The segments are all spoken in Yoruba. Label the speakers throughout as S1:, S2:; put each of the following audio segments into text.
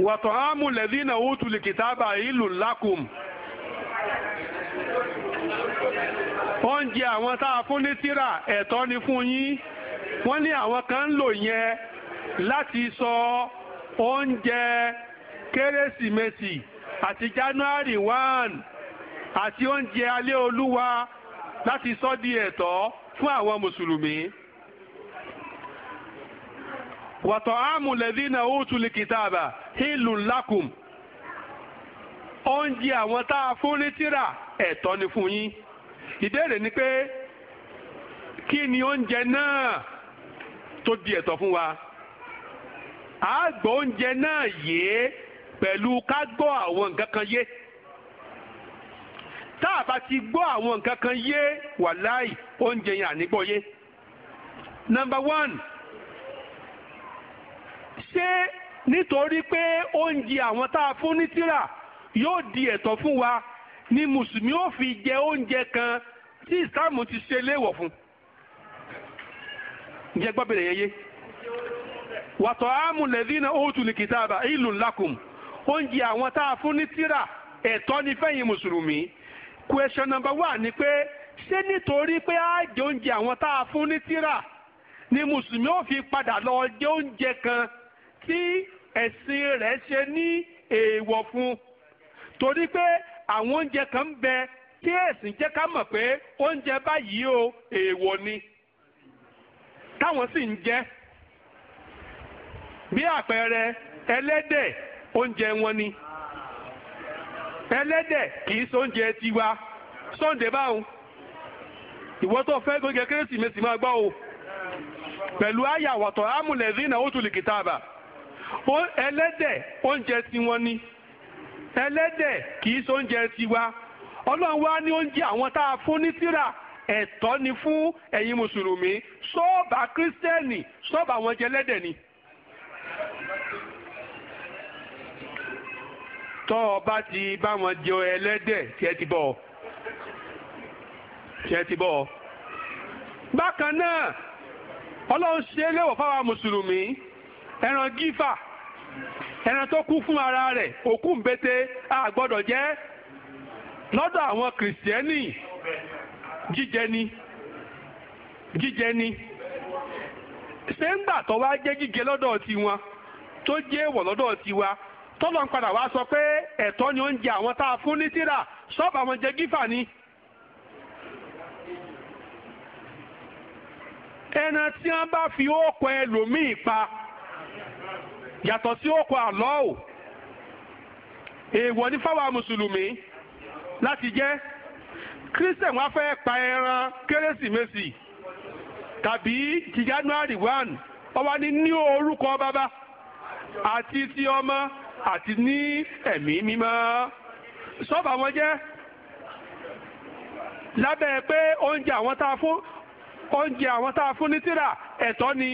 S1: wàtọ̀ ámú lẹ́dínà òtù lè kìtàbà ìlú lákùm. oúnjẹ àwọn tá a fún ní tírà ẹ̀tọ́ ni fún yín wọ́n ní àwọn kan ń lò yẹn láti sọ oúnjẹ kérésìmesì àti january one àti oúnjẹ alẹ́ olúwa láti sọ di ẹ̀tọ́ fún àwọn mùsùlùmí wàtọ̀ámù lẹ́dínà òótù lè kìtàbà hílùú lákùm oúnjẹ àwọn tá a fún ní tírà ẹ̀tọ́ ni fún yín ìbéèrè ni pé kí ni oúnjẹ náà tó di ẹ̀tọ́ fún wa a gbọ́ oúnjẹ náà yé pẹ̀lú ká gbọ́ àwọn nǹkan kan yé tá a bá ti gbọ́ àwọn nǹkan kan yé wàláì oúnjẹ yẹn ànígbọ́ yé. number one ṣé nítorí pé oúnjẹ àwọn tá a fún ní tírà yóò di ẹ̀tọ́ fún wa ni mùsùlùmí ò fi jẹ oúnjẹ kan tí ìsìláàmù ti ṣe léèwọ̀ fún. ǹjẹ́ gbọ́ bèrè yẹn yé wàtò àmúlẹ̀dínà òòtù ní kìtàbà ìlú ńlákùn oúnjẹ àwọn tá a fún ní tírà ẹ̀tọ́ ni fẹ́yìn mùsùlùmí question number one n'í pé ṣé nítorí pé a jẹ oúnjẹ àwọn tá a fún ní tírà ni mùsùlùmí ò fi padà lọ jẹ oúnjẹ kan tí ẹ̀sìn rẹ̀ ṣe ní èèwọ̀ fún un torí pé àwọn oúnjẹ kan ń bẹ tí ẹ̀sìn jẹ́ ká mọ̀ pé oúnjẹ báyìí o èèwọ̀ ni táwọn sì ń jẹ bí àpẹẹrẹ ẹlẹ́dẹ̀ oúnjẹ wọn ni ẹlẹ́dẹ̀ kì í sóúnjẹ tiwa sọ́ǹdẹ̀ báwọn ìwọ tó fẹ́ gbẹ́gẹ́ kérésìmesì máa gbọ́ o pẹ̀lú àyàwọ̀tọ̀ amúlẹ̀dínà ó tulè kìtàbà ẹlẹ́dẹ̀ oúnjẹ tiwọn ni ẹlẹ́dẹ̀ kìí ṣe oúnjẹ tiwa ọlọ́run wá ní oúnjẹ àwọn tá a fún ní tírà ẹ̀tọ́ ni fún ẹ̀yin mùsùlùmí sọ́ọ̀bà kírísítẹ́nì sọ́ọ̀bà àwọn jẹ ẹlẹ́dẹ̀ ni. tọ́ ọ bá ti bá wọn jẹ ẹlẹ́dẹ̀ tí ẹ ti bọ̀ tí ẹ ti bọ̀. bákan náà ọlọ́run ṣe é léwọ̀ fáwọn mùsùlùmí. ẹran gífà ẹran tó kú fún ara rẹ̀ òkú ńbẹ́tẹ́ a gbọ́dọ̀ jẹ́ lọ́dọ̀ àwọn kìrìsìtẹ́nì jíjẹ ni jíjẹ ni ṣé ń gbà tó wá jẹ́ jíjẹ lọ́dọ̀ tiwọn tó jẹ́ èèwọ̀ lọ́dọ̀ tiwa tọ́lọ̀ ń padà wá sọ pé ẹ̀tọ́ ni oúnjẹ àwọn tá a fún ní tírà ṣọ́ọ̀bù àwọn jẹ gífà ni. ẹran tí wọ́n bá fi ó kọ ẹlòmíì pa yàtọ̀ sí òkò àlọ́ ò èèwọ̀ ní fáwọn mùsùlùmí láti jẹ́ christian wá fẹ́ pa ẹran kérésìmesì tàbí ti january one ọba ní ní orúkọ bàbá àti ti ọmọ àti ní ẹ̀mí mímọ́ sọ́ba wọn jẹ́ lábẹ́ pé oúnjẹ àwọn tá a fún oúnjẹ àwọn tá a fún ní tírà ẹ̀tọ́ ni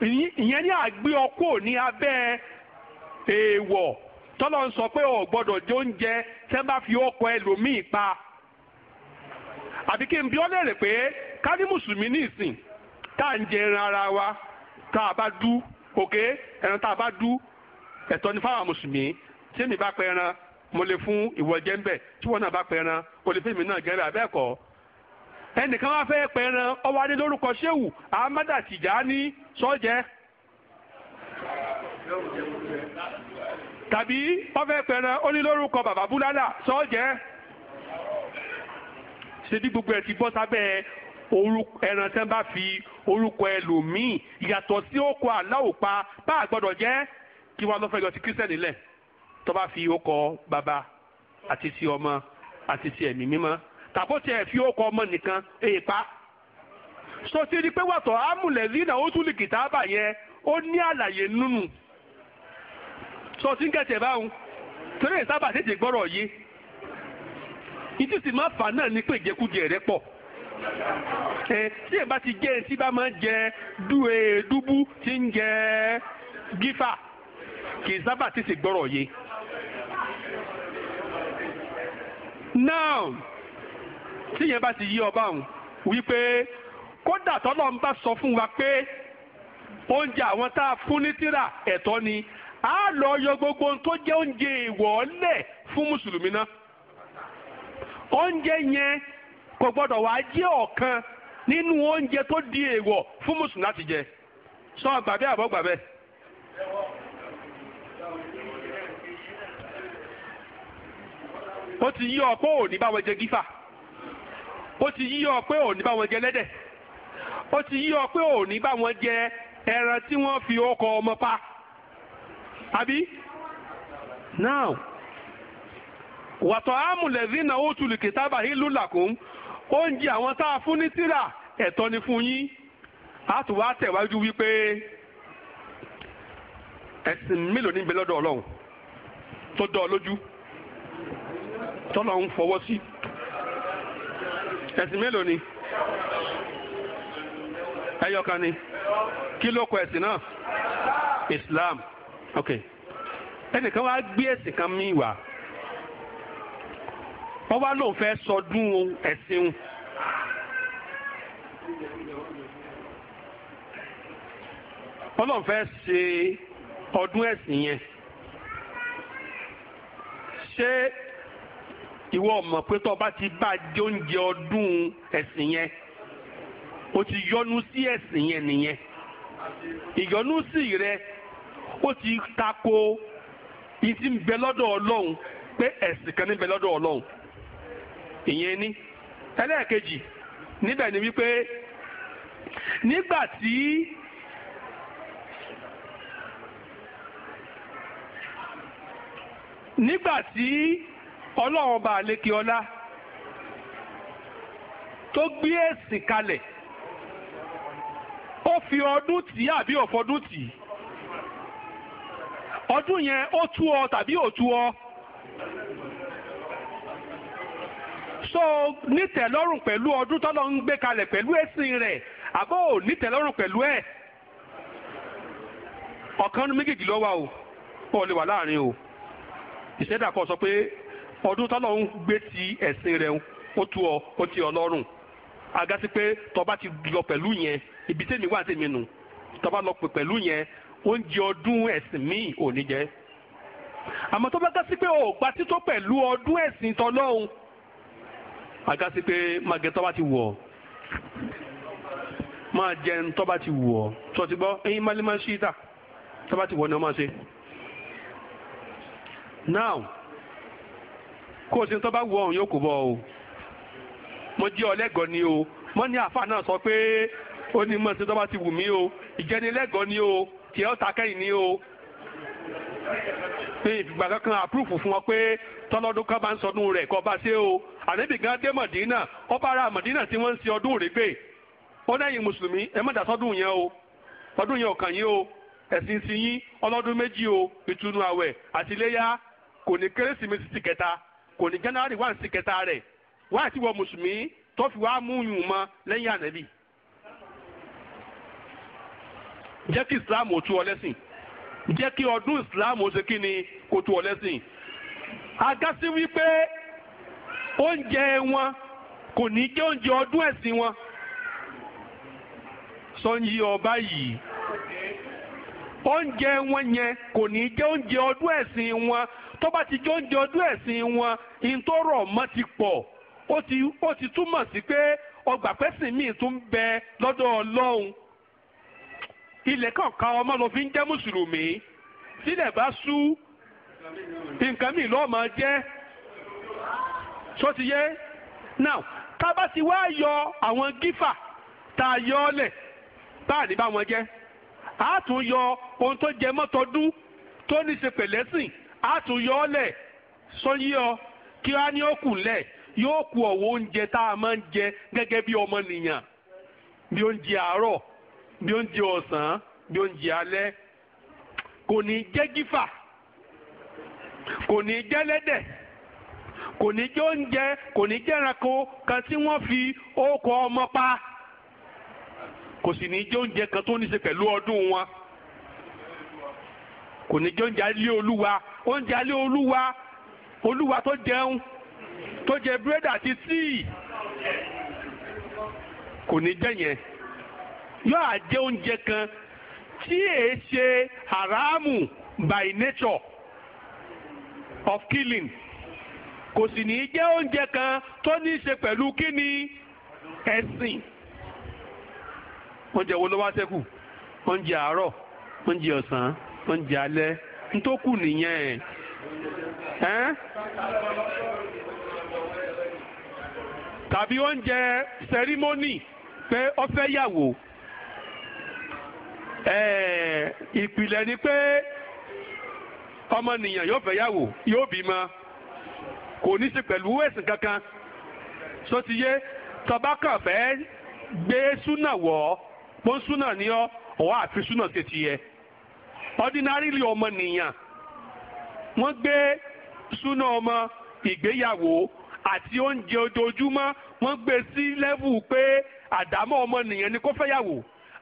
S1: ìyẹn ní àgbé ọkọ ní abẹ́ ẹwọ tọlọ ń sọ pé ọ̀ gbọ́dọ̀ jẹ oúnjẹ tẹ́ bá fi ọkọ pa àbí kí n bí ọ́ pé ká ní mùsùlùmí ní ìsìn tá à ń jẹ ẹran ara wa tá a bá dú òkè ẹran tá a bá dú ẹ̀tọ́ ní fáwọn mùsùlùmí ẹnìkan wá fẹ́ pẹ̀ràn ọwádé lórúkọ ṣéwù ahmadu tijani sọ́jẹ́ tàbí wọ́n fẹ́ pẹ̀ràn ó ní lórúkọ bàbá búlálà sọ́jẹ́ ṣe bí gbogbo ẹ̀ ti bọ́ sábẹ́ ẹran tẹ́ ń bá fi orúkọ ẹlòmíì yàtọ̀ sí òkò aláòpa bá a gbọ́dọ̀ jẹ́ kí wọ́n lọ́ fẹ́ yọ ti kírísítẹ́nì lẹ̀ tó bá fi òkọ bàbá àti ti ọmọ àti ti ẹ̀mí mímọ́ tàbọ̀tì ẹ̀ fi ọkọ̀ ọmọ nìkan èèpa so ti di pé wàtọ̀ amúlẹ̀dí náà ó tún lè kìtà bà yẹn ó ní àlàyé nínú so ti ń kẹsẹ̀ báwọn torí ìsábà tètè gbọ́rọ̀ yìí ìdí máa fà náà ní pé ìjẹkújẹ rẹ pọ̀ ẹ tí èèyàn bá ti jẹ́ ẹtí bá máa ń jẹ dúwe dúbú tí ń jẹ gífà kì í sábà tètè gbọ́rọ̀ yìí. now tíyẹn bá ti yí ọba ọ̀hún wípé kódà tọ́lọ́ ń bá sọ fún wa pé oúnjẹ àwọn tá a fún ní tírà ẹ̀tọ́ ni a lọ yọ gbogbo ohun tó jẹ́ oúnjẹ ìwọ́lẹ̀ fún mùsùlùmí náà oúnjẹ yẹn kò gbọ́dọ̀ wá jẹ́ ọ̀kan nínú oúnjẹ tó di èèwọ̀ fún mùsùlùmí láti jẹ sọ gbàbẹ́ àbọ̀ gbàbẹ́. ó ti yí ọ pé òní báwọn jẹ gífà ó ti yí ọ pé ò ní bá wọn jẹ lẹ́dẹ̀ ó ti yí ọ pé ò bá wọn jẹ ẹran tí wọ́n fi ọkọ̀ ọmọ pa àbí now wàtọ̀ àmùlẹ̀dí náà ó tulù kìtàbà ìlú làkún oúnjẹ àwọn tá a fún ní tírà ẹ̀tọ́ ni fún yín a tún wá tẹ̀wájú wípé ẹ̀sìn mélòó ní bẹ lọ́dọ̀ ọlọ́run tó dọ̀ lójú tọ́lọ́ fọwọ́ sí ẹ̀sìn mélòó ni ẹyọkan ni kí ló kọ ẹ̀sìn náà Islam ok ẹnìkan wá gbé ẹ̀sìn kan mí wá wọ́n wá lóun fẹ́ sọdún ẹ̀sìn wọ́n lóun fẹ́ ṣe ọdún ẹ̀sìn yẹn ṣé ìwọ mọ̀ pé tó bá ti bá jẹ oúnjẹ ọdún ẹ̀sìn yẹn o ti yọnu sí ẹ̀sìn yẹn nìyẹn ìyọnu sí rẹ ó ti tako ìdí ń bẹ lọ́dọ̀ ọlọ́run pé ẹ̀sìn kan ní bẹ lọ́dọ̀ ọlọ́run ìyẹn ni ẹlẹ́ẹ̀kejì níbẹ̀ ni wípé nígbà tí nígbà tí ọlọ́run bá lékè ọlá tó gbé ẹ̀sìn kalẹ̀ ó fi ọdún tì í àbí ọ̀fọdún tì í ọdún yẹn ó tú ọ tàbí ò tú ọ. so nítẹ̀lọ́rùn pẹ̀lú ọdún tọ́lọ́ ń gbé kalẹ̀ pẹ̀lú ẹ̀sìn rẹ̀ àbọ̀ ò nítẹ̀lọ́rùn pẹ̀lú ẹ̀ ọ̀kan méjèèjì ló wà o ò lè wà láàrin o ìṣẹ̀dá sọ pé ọdún tọ́lọ̀ ń gbé ti ẹ̀sìn rẹ̀ ó tu ọ ó ti ọlọ́run àgàsí pé tọba ti lọ pẹ̀lú yẹn ibi tẹ́mi wà tẹ́mi nù tọba lọ pẹ̀ pẹ̀lú yẹn oúnjẹ ọdún ẹ̀sìn míì ò ní jẹ́ àmọ́ tọba gàsí pé ò títọ́ pẹ̀lú ọdún ẹ̀sìn tọ́lọ́run àgàsí pé màgẹ́ tọba ti wọ̀ máa jẹun tọba ti wọ̀ tọ́ ti gbọ́ eyín málémá ṣíta tọba ti wọ̀ ni wọ́n máa ṣe now. kó o ṣe tó bá wù ọ̀hún yóò kó bọ̀ o mo jẹ́ ọlẹ́gọ̀ọ́ ni o wọ́n ní àfa náà sọ pé ó ní mọ̀ sí tó bá ti wù mí o ìjẹnilẹ́gọ̀ọ́ ni o tiẹ̀ ó ta ni o pé ìgbà kankan àpúrùfù fún ọ pé tọ́lọ́dún kan bá ń sọdún rẹ̀ kọ́ bá o gan dé mọ̀dínà ó bá ra mọ̀dínà tí wọ́n ń ṣe ọdún gbé ó mùsùlùmí ẹ o o ẹ̀sìn sí yín ọlọ́dún o ìtùnú àwẹ̀ kò ní kérésìmesì kò ní january one sí kẹta rẹ̀ wá àti wọ mùsùlùmí tó fi wá mú yùn mọ́ lẹ́yìn ànábì. jẹ́ kí islam ò tú ọ lẹ́sìn jẹ́ kí ọdún islam ó ṣe kí ni kò tú ọ lẹ́sìn. agasi wípé oúnjẹ wọn kò ní jẹ́ oúnjẹ ọdún ẹ̀sìn wọn. sọ́njì ọba yìí. oúnjẹ wọn yẹn kò ní jẹ oúnjẹ ọdún ẹ̀sìn wọn tó bá ti jẹ́ oúnjẹ ọdún ẹ̀sìn wọn ìtọ́rọ̀ mọ́ ti pọ̀ ó ti túmọ̀ sí pé ọgbà pẹ́sìn míì tún ń bẹ lọ́dọ̀ ọlọ́run ilẹ̀ kọ̀ọ̀kan ọmọ ló fi ń jẹ́ mùsùlùmí sílẹ̀ bá sú nǹkan míì lọ́ọ́ máa jẹ́ sọ ti tá a bá ti wá yọ àwọn gífà tá a yọ ọ́ lẹ̀ báà ní bá wọn jẹ́. a tún yọ ohun tó jẹ mọ́tọdún tó ní ṣe pẹ̀lẹ́sìn a tún yọ ọ́ lẹ̀ ọ kí wá ní ó lẹ̀ yóò kù ọ̀wọ́ oúnjẹ tá a máa ń jẹ gẹ́gẹ́ bí ọmọnìyàn bí oúnjẹ àárọ̀ bí oúnjẹ ọ̀sán bí oúnjẹ alẹ́ kò ní jẹ́ gífà kò ní jẹ́ lẹ́dẹ̀ kò ní jẹ́ oúnjẹ kò ní jẹ́ ẹranko kan tí wọ́n fi ó kọ ọmọ pa. kò sì ní jẹ oúnjẹ kan tó ní ṣe pẹ̀lú ọdún wọn kò ní jẹ oúnjẹ alẹ́ olúwa oúnjẹ alẹ́ olúwa olúwa tó jẹun tó jẹ búrẹ́dì àti tíì kò ní jẹ yẹn yóò àjẹ oúnjẹ kan tí èé ṣe haramu by nature of killing kò sì ní jẹ́ oúnjẹ kan tó ní í ṣe pẹ̀lú kíni ẹ̀sìn oúnjẹ wo ló wá ṣẹ́kù oúnjẹ àárọ̀ oúnjẹ ọ̀sán oúnjẹ alẹ́ ntókù nìyẹn ẹ́n tàbí oúnjẹ sẹrímọ́nì pé ó fẹ́ yàwó ìpìlẹ̀ ni pé ọmọnìyàn yóò fẹ́ yàwó yóò bímọ kò ní sí pẹ̀lú ẹ̀sìn kankan sọ ti yé tọba kan fẹ́ gbé súnà wọ̀ ọ́ pọ́nsúnà ni ọ́ ọ̀wá àfi súnà tètè yẹ ordinarily ọmọnìyàn wọ́n gbé súnà ọmọ ìgbéyàwó àti oúnjẹ ojoojúmọ́ wọ́n gbé sí lẹ́vù pé àdámọ́ ọmọnìyàn ni kó fẹ́yàwó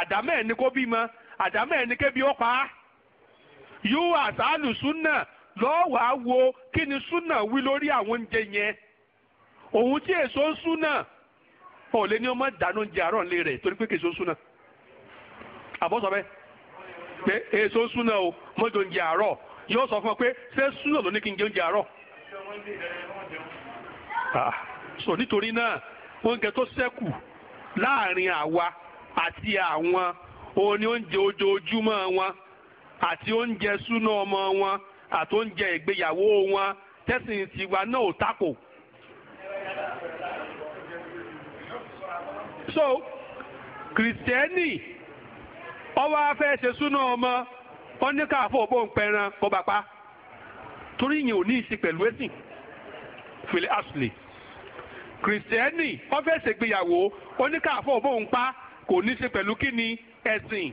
S1: àdámọ́ ẹ̀ ni kó bímọ àdámọ́ ẹ̀ ni kébi ó pa á yóò àtàlù súnà lọ́wàá wo kí ni súnà wí lórí àwọn oúnjẹ yẹn òun tí èso ń súnà ò ọmọ dáná oúnjẹ àárọ̀ ńlẹ̀ rẹ̀ torí pé kèso ń súnà. àbọ̀ sọ bẹ́ẹ̀ pé èso súnà o mọ́jọ oúnjẹ àárọ̀ yóò sọ fún ọ pé ṣé súnà ló ní kí n jẹ oúnjẹ àárọ̀. Ah, so nítorí náà oúnjẹ tó ṣẹ́kù láàrin àwa àti àwọn òun ni oúnjẹ ojoojúmọ́ wọn àti oúnjẹ súnà ọmọ wọn àti oúnjẹ ìgbéyàwó wọn tẹ̀sìn tiwa náà ò tako. so kìrìsìtẹ́nì ọwọ́ afẹ́ ṣe súná ọmọ ó ní káàfó òbó ń pẹran kó bá pa torí yìí ò ní ìsìn pẹ̀lú ẹ̀sìn fìlẹ̀ asùlẹ̀ kìrìsìtẹ́nì ó ṣègbéyàwó ó ní ń pa kò ní ṣe pẹ̀lú kí ni ẹ̀sìn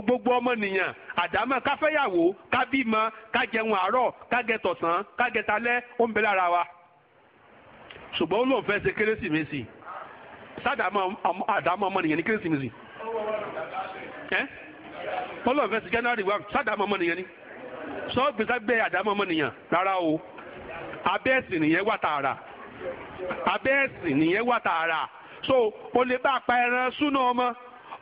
S1: gbogbo ọmọnìyàn àdámọ̀ káfẹ́yàwó kábímọ kájẹun àárọ̀ kágẹtọ̀sán kágẹtalẹ́ ó ń bẹ lára wa ṣùgbọ́n ó lóun fẹ́ ṣe kérésìmesì sádàmọ́ àdámọ́ ọmọnìyàn ní kérésìmesì ẹ́ wọ́n lọ́ọ́ fẹ́ sí january one sádàmọ́ ọmọnìyàn ni sọ́ọ̀bù sábẹ́ àdámọ́ ọmọnìyàn rárá o abẹ́ ẹ̀sìn nìyẹn wà tààrà abẹ́ ẹ̀sìn nìyẹn wà tààrà so o lè bá apá ẹran súná ọmọ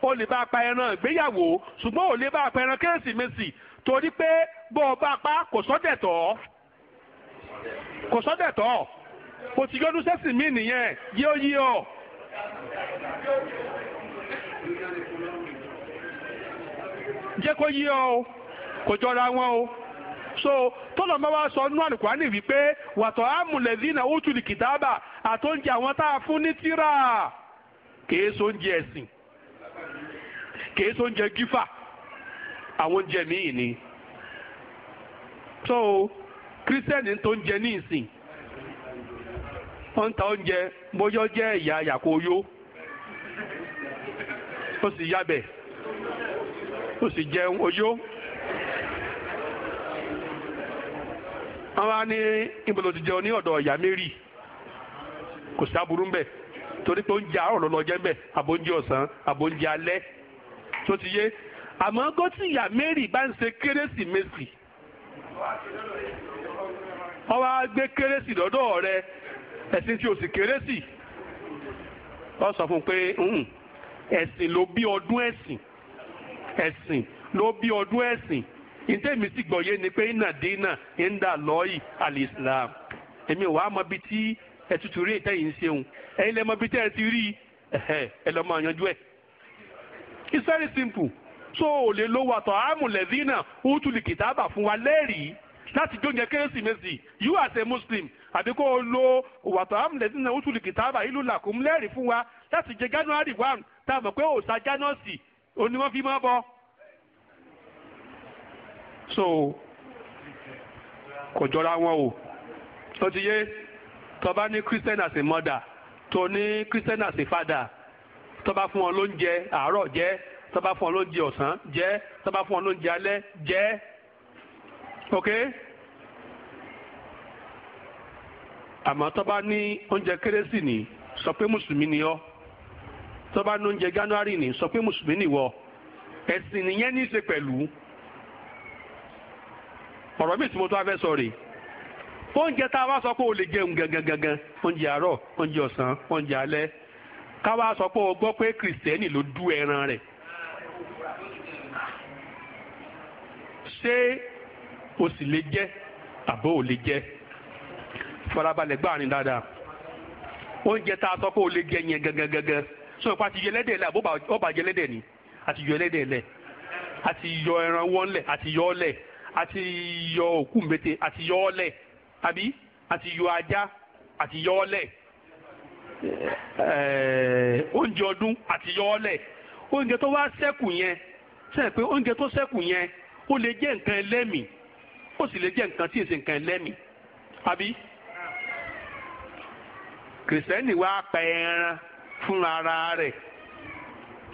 S1: o lè bá apá ẹran ìgbéyàwó ṣùgbọ́n o lè bá apá ẹran kérésìmesì torí pé bó o bá apá kò sọ́dẹ̀ tọ́ kò sọ́dẹ̀ tọ́ o ti yọdún sẹ́sìn mí nìyẹn yé ó jẹ́ kó yí ọ kò jọra wọn o so tọ́lọ̀ máa wá sọ nínú àlùkùránì wípé wàtọ̀ àmùlẹ̀dínà òtúlì kìtàbà àtọ́njẹ àwọn tá a fún ní tírà nje sóúnjẹ ẹ̀sìn kìí sóúnjẹ gífà àwọn oúnjẹ míì ni so kírísítẹ́nì tó ń jẹ ní ìsìn wọ́n ń ta oúnjẹ bóyá ó sì yabẹ̀ ó sì jẹun ojó. wọ́n wá ní ìbòlò ti jẹun ní ọ̀dọ̀ ìyá mary kò sí aburú ń bẹ̀ torí pé oúnjẹ àárọ̀ ló lọ jẹ́ ń bẹ̀ àbóúnjẹ ọ̀sán àbóúnjẹ alẹ́ tó ti yé àmọ́ gọ́tí ìyá mary bá ń ṣe kérésìmesì wọ́n wá gbé kérésì lọ́dọ̀ rẹ ẹ̀sìn tí o sì kérésì wọ́n sọ fún un pé ẹ̀sìn ló bí ọdún ẹ̀sìn ẹ̀sìn ló bí ọdún ẹ̀sìn ìtẹ́mi sì gbọ̀yé ni pé ìnàdínà ń dà lọ́ọ̀yì alìsílám èmi ò wá mọ ibi tí ẹ tutù rí ìtẹ́ ṣeun ẹ̀yin lẹ́mọ ibi tẹ́ ẹ ti rí ẹ lọ́mọ àyànjú ẹ̀. it's very simple so ò lè lo wàtọ̀ àmùlẹ̀dínà hútùlì kìtàbà fún wa lẹ́rìí láti jóúnjẹ kérésìmesì you as a muslim àbí kó o lo wàtọ̀ àmùlẹ̀dínà hútùlì kìtàbà ìlú làkúnlẹ́rìí fún wa láti jẹ january one tá a mọ̀ pé òòṣà jánọ́ọ̀sì òun ni wọ́n fi máa bọ. so kò jọra wọn o tó ti yé tó bá ní christian as a mother tó ní christian as a father tó bá fún wọn lóúnjẹ àárọ̀ jẹ tó bá fún wọn lóúnjẹ ọ̀sán jẹ tó bá fún wọn lóúnjẹ alẹ́ jẹ ok àmọ́ tó bá ní oúnjẹ kérésì ni sọ pé mùsùlùmí ni ọ́. tó bá lóúnjẹ january ní sọ pé mùsùlùmí nìwọ ẹ̀sìn nìyẹn ní í ṣe pẹ̀lú ọ̀rọ̀ mi tí mo tó wá fẹ́ sọ rèé oúnjẹ tá a wá sọ pé o lè jẹun gangan gangan oúnjẹ àárọ̀ oúnjẹ ọ̀sán oúnjẹ alẹ́ ká wá sọ pé o gbọ́ pé kìrìsìtẹ́nì ló dú ẹran rẹ̀ ṣé o sì lè jẹ àbó o lè jẹ farabalẹ̀ gbáàrin dáadáa oúnjẹ tá a sọ pé o lè jẹ yẹn gangangangan. so ìpa ti yọ ẹlẹ́dẹ̀ lẹ̀ àbó ọba yọ ẹlẹ́dẹ̀ ni àti yọ ẹlẹ́dẹ̀ lẹ̀ àti yọ ẹran wọn lẹ̀ àti yọ ọlẹ̀ àti yọ òkú mbete àti yọ ọlẹ̀ àbí àti yọ ajá àti yọ ọlẹ̀ oúnjẹ ọdún àti yọ ọlẹ̀ oúnjẹ tó wá ṣẹ́kù yẹn sẹ́yìn pé oúnjẹ tó ṣẹ́kù yẹn ó lè jẹ́ nǹkan ẹlẹ́mìí ó sì lè jẹ́ nǹkan tí èsì nǹkan ẹlẹ́mìí àbí kìrìsìtẹ́nì wá pa ẹran fúnra ara rẹ̀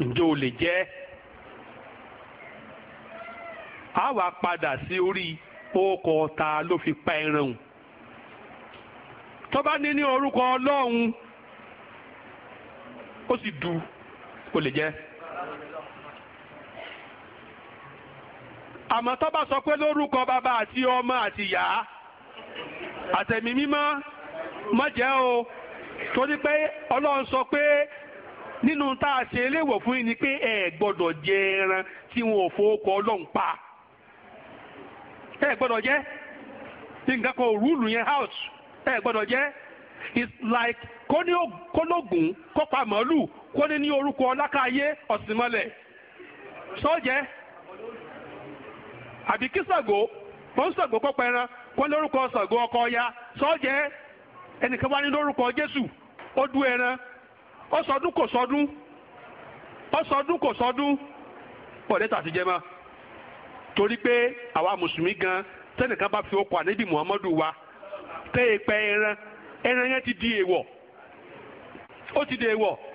S1: ǹjẹ́ o lè jẹ́ a wà padà sí orí orúkọ ta ló fi pa ẹran hùn. tó bá ní ní orúkọ ọlọ́run ó sì du o lè jẹ́ àmọ́ tó bá sọ pé lórúkọ bàbá àti ọmọ àti ìyá àtẹ̀mí mímọ́ má jẹ́ o. torí pé ọlọ́run sọ pé nínú tá a ṣe eléwọ̀ fún yín ni pé ẹ gbọ́dọ̀ jẹ ẹran tí wọn ò fowókọ ọlọ́run pa ẹ gbọ́dọ̀ jẹ nǹkan kan ò rúùlù yẹn house ẹ gbọ́dọ̀ jẹ it's like kólógùn kópa màálù kó ní ní orúkọ ọlákàyé ọ̀sìnmọ́lẹ̀ sọ́jẹ́ àbí kí Ṣàngó wọ́n Ṣàngó kópa ẹran kó lórúkọ Ṣàngó ọkọ ọya sọ́jẹ́ ẹnìkan wá ní lórúkọ Jésù. ó ẹran ó kò sọdún ó kò sọdún pọ̀ lẹ́tà ti jẹ́ torí pé àwa mùsùlùmí gan tẹ́nìkan bá fi okùn ànábì muhammadu wa tẹ́ ẹ ẹran ẹran yẹn ti di èèwọ̀ ó ti di èèwọ̀.